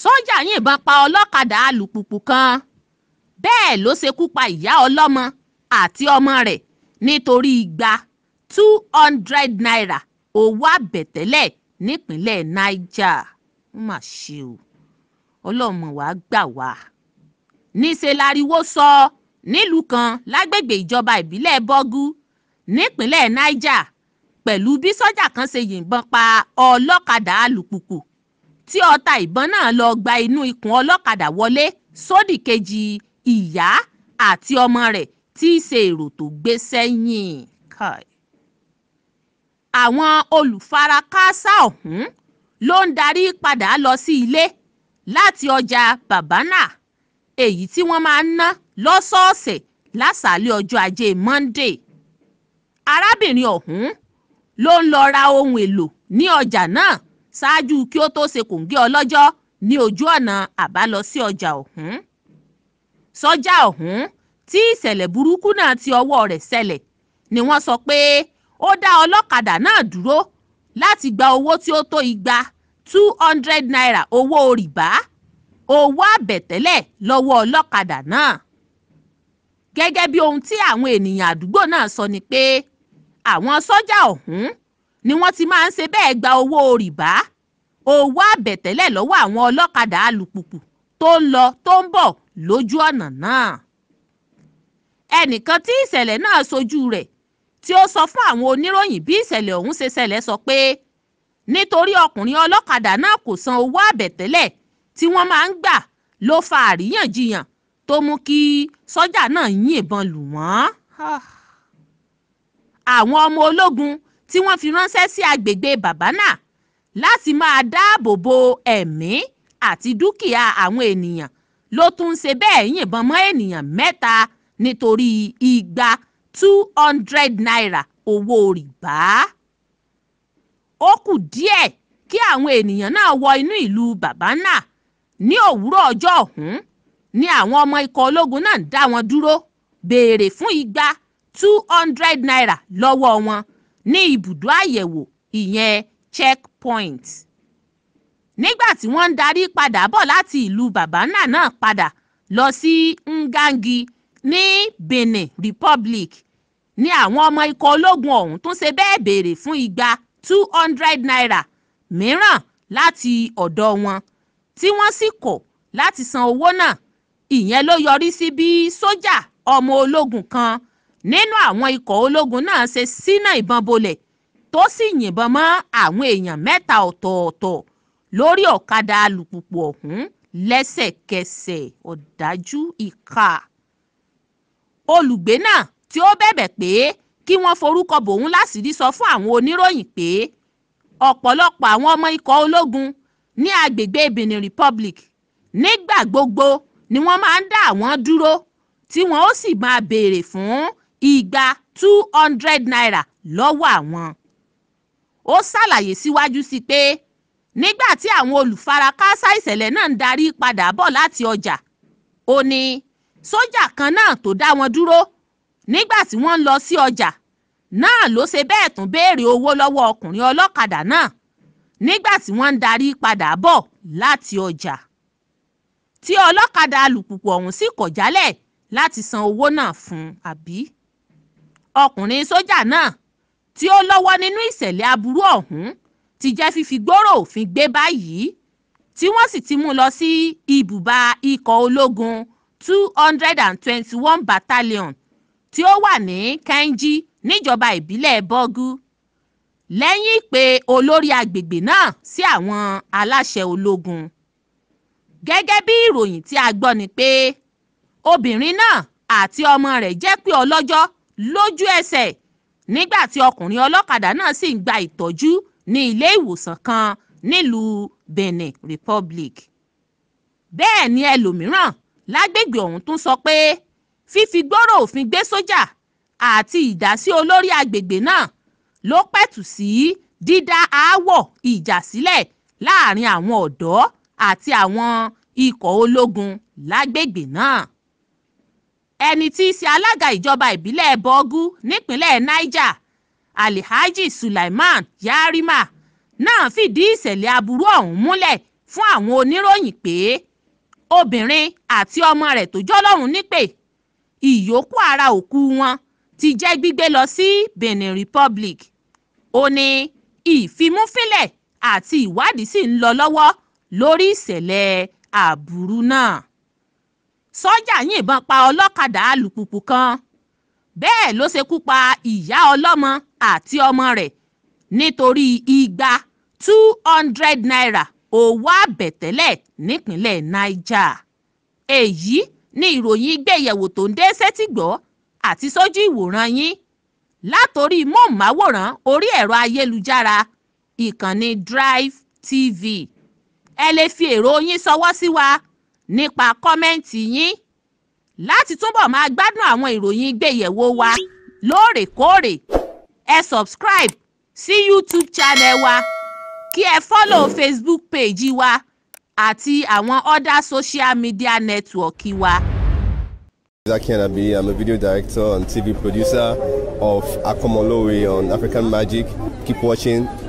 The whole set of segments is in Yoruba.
sójà yìnbọn pa ọlọ́kadà alùpùpù kan bẹ́ẹ̀ ló ṣekú pa ìyá ọlọ́mọ àti ọmọ rẹ̀ nítorí igba two hundred naira owó àbẹ̀tẹ́lẹ̀ nípínlẹ̀ niger ó mà ṣe o ọlọ́mọ wàá gbà wá níṣẹ́ láriwo sọ nílùú kan lágbègbè ìjọba ìbílẹ̀ bọ́gú nípínlẹ̀ niger pẹ̀lú bí sójà kan ṣe yìnbọn pa ọlọ́kadà alùpùpù tí ọta ìbọn náà lọ gba inú ikùn ọlọ́kadà wọlé sódì kejì ìyá àti ọmọ rẹ̀ tí í ṣe èrò tó gbé sẹ́yìn. àwọn olùfarakásá ọ̀hún ló ń darí padà lọ sí ilé láti ọjà bàbánà èyí tí wọ́n máa ń ná lọ́sọ̀ọ̀sẹ̀ lásàálẹ̀ ọjọ́ ajé Monday arábìnrin ọ̀hún ló ń lọ ra ohun èlò ní ọjà náà ṣáájú kí ó tó ṣe kòǹgẹ́ ọlọ́jọ́ ní ojú ọ̀nà àbálọ sí ọjà ọ̀hún. sọ́jà ọ̀hún tí ìṣẹ̀lẹ̀ burúkú náà ti ọwọ́ rẹ̀ ṣẹlẹ̀ ni wọ́n sọ pé ó dá ọlọ́kadà náà dúró láti gba owó tí ó tó igba two hundred naira owó rìbá owó àbẹ̀tẹ́lẹ̀ lọ́wọ́ ọlọ́kadà náà. gẹ́gẹ́ bí ohun tí àwọn ènìyàn àdúgbò náà sọ ni pé àwọn sọ́jà ọ̀hún ni wọ́n ti máa ń ṣe bẹ́ẹ̀ gba owó rìbá owó àbẹ̀tẹ́lẹ̀ lọ́wọ́ àwọn ọlọ́kadà alùpùpù tó ń lọ tó ń bọ̀ lójú ọ̀nà náà. ẹnìkan tí ìṣẹ̀lẹ̀ náà sojú rẹ̀ tí ó sọ fún àwọn oníròyìn bí ìṣẹ̀lẹ̀ ọ̀hún ṣe ṣẹlẹ̀ sọ pé nítorí ọkùnrin ọlọ́kadà náà kò san owó àbẹ̀tẹ́lẹ̀ tí wọ́n máa ń gbà ló fa àríyànjiyàn tó mú kí sọ́jà náà yìnbọn lù wọ́n. àwọn ọmọ ológun tí wọ́n fi ránṣẹ́ sí agbègbè bàbá láti máa dáàbò bo ẹ̀mí àti dúkìá àwọn ènìyàn ló tún ń ṣe bẹ́ẹ̀ yìnbọn mọ́ ènìyàn mẹ́ta nítorí igba two hundred naira owó rìbá. ó kù díẹ̀ kí àwọn ènìyàn náà wọ inú ìlú babana ní òwúrọ̀ ọjọ́ ọ̀hún ni àwọn ọmọ ikọ̀ ológun náà dá wọn dúró béèrè fún igba two hundred naira lọ́wọ́ wọn ní ibùdó àyẹ̀wò ìyẹn check point. nígbà tí wọ́n ń darí padà bọ̀ láti ìlú babana náà padà lọ sí ngangi ní benin republic ni àwọn ọmọ ikọ̀ ológun ọ̀hún tún ṣe bẹ́ẹ̀ béèrè fún igba two hundred naira mìíràn láti ọ̀dọ̀ wọn tí wọ́n sì kọ̀ láti san owó náà ìyẹn ló yọrí sí bí sójà ọmọ ológun kan nínú àwọn ikọ̀ ológun náà ṣe ṣínà ìbọn bolẹ̀ tó sì yìnbọn mọ́ àwọn èèyàn mẹ́ta ọ̀tọ̀ọ̀tọ̀ lórí ọ̀kadà alùpùpù ọ̀hún lẹ́sẹ̀kẹsẹ̀ ọ̀dájú ìkà olùgbé náà tí ó bẹ̀bẹ̀ pé kí wọ́n forúkọ bòun láṣìírí sọ fún àwọn oníròyìn pé ọ̀pọ̀lọpọ̀ àwọn ọmọ ikọ̀ ológun ní agbègbè Benin Republic nígbà gbogbo ni wọ́n máa ń dá àwọn dúró tí wọ́n ó sì máa béèrè fún igba two hundred naira lọ́wọ́ àwọn ó ṣàlàyé síwájú sí i pé nígbà tí àwọn olùfarakásá ìṣẹ̀lẹ̀ náà ń darí padà bọ̀ láti ọjà ó ní sójà kan náà tó dá wọn dúró nígbà tí wọ́n ń lọ sí ọjà náà ló ṣe bẹ́ẹ̀ tún béèrè owó lọ́wọ́ ọkùnrin ọlọ́kadà náà nígbà tí wọ́n ń darí padà bọ̀ láti ọjà tí ọlọ́kadà alùpùpù ọ̀hún sì kọ̀ jálẹ̀ láti san owó náà fún àbí ọkùnrin sójà náà tí ó lọ́wọ́ nínú ìṣẹ̀lẹ̀ aburú ọ̀hún ti jẹ́ fífi gbòòrò òfin gbé báyìí tí wọ́n sì ti mú lọ sí ibùba ikọ̀ ológun two hundred and twenty-one battalion tí ó wà ní Kainji níjọba ìbílẹ̀ Bogu lẹ́yìn ìpè olórí agbègbè náà sí àwọn aláṣẹ ológun gẹ́gẹ́ bí ìròyìn tí a gbọ́ ni pé obìnrin náà àti ọmọ rẹ̀ jẹ́ pé ọlọ́jọ́ lójú ẹsẹ̀ nígbà tí ọkùnrin ọlọ́kadà náà sì ń gba ìtọ́jú ní ilé ìwòsàn kan nílùú benin republic bẹ́ẹ̀ ni ẹlòmíràn lágbègbè ọ̀hún tún sọ pé fífi gbòòrò òfin gbé sójà àti ìdásí olórí agbègbè náà ló pẹ̀tù sí dídá aáwọ̀ ìjà sílẹ̀ láàrin àwọn ọ̀dọ́ àti àwọn ikọ̀ ológun lágbègbè náà ẹni tí í ṣe alága ìjọba ìbílẹ̀ bọ́gú nípínlẹ̀ niger alihaji sulaiman yarima náà fìdí ìṣẹ̀lẹ̀ aburú ọ̀hún múlẹ̀ fún àwọn oníròyìn pé obìnrin àti ọmọ rẹ̀ tó jọ́lọ́run nípè ìyókù ara òkú wọn ti jẹ́ gbígbé lọ sí benin republic ó ní ìfimúfínlẹ̀ àti ìwádìí sì ń lọ lọ́wọ́ lórí ìṣẹ̀lẹ̀ aburú náà sójà yìnbọn pa ọlọ́kadà alùpùpù kan bẹ́ẹ̀ ló ṣekú pa ìyá ọlọ́mọ àti ọmọ rẹ̀ nítorí igba two hundred naira owó àbẹ̀tẹ́lẹ̀ nípínlẹ̀ niger èyí ni ìròyìn gbéyẹ̀wò tó ń dé sétígbọ́ àti sójú ìwòran yín látòrí móhùnmáwòrán orí ẹ̀rọ ayélujára ìkànnì drive tv ẹ lè fi èrò yín ṣọwọ́ sí wa nípa kọ́mẹ́ǹtì yín láti túbọ̀ máa gbádùn àwọn ìròyìn ìgbéyẹ̀wò wa lóòrèkóòrè ẹ e subscribe sí YouTube channel wa kí ẹ follow Facebook page wa àti àwọn other social media network wa. Zaki Anabi, I'm a video director and TV producer of Akomolowe on African Magic. Keep watching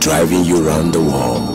driving you around the world.